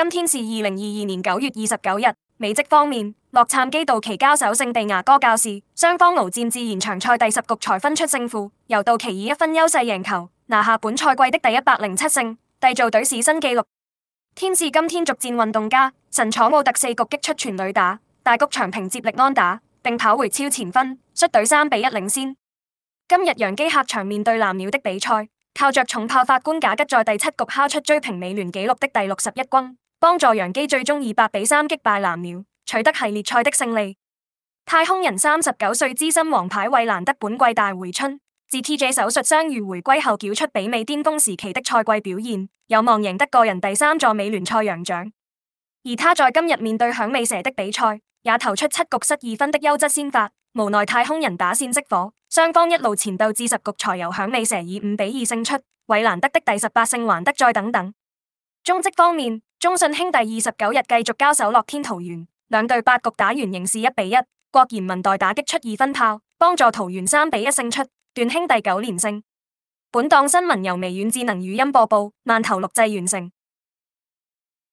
今天是二零二二年九月二十九日。美職方面，洛杉磯道奇交手聖地牙哥教士，雙方鏖戰至延長賽第十局才分出勝負，由道奇以一分優勢贏球，拿下本賽季的第一百零七勝，締造隊史新紀錄。天使今天續戰運動家，神鱒楚奧特四局擊出全壘打，大谷翔平接力安打，並跑回超前分，率隊三比一領先。今日洋基客場面對藍鳥的比賽，靠着重炮法官賈吉在第七局敲出追平美聯紀錄的第六十一轟。幫助洋基最終以八比三擊敗藍鳥，取得系列賽的勝利。太空人三十九歲資深王牌衛蘭德本季大回春，自 TJ 手術傷愈回歸後，繳出媲美巔峰時期的賽季表現，有望贏得個人第三座美聯賽揚獎。而他在今日面對響尾蛇的比賽，也投出七局失二分的優質先發，無奈太空人打線熄火，雙方一路纏鬥至十局才由響尾蛇以五比二勝出。衛蘭德的第十八勝還得再等等。中職方面。中信兄弟二十九日繼續交手樂天桃園，兩隊八局打完仍是一比一。國賢文代打擊出二分炮，幫助桃園三比一勝出，斷兄弟九連勝。本檔新聞由微軟智能語音播報，慢頭錄製完成。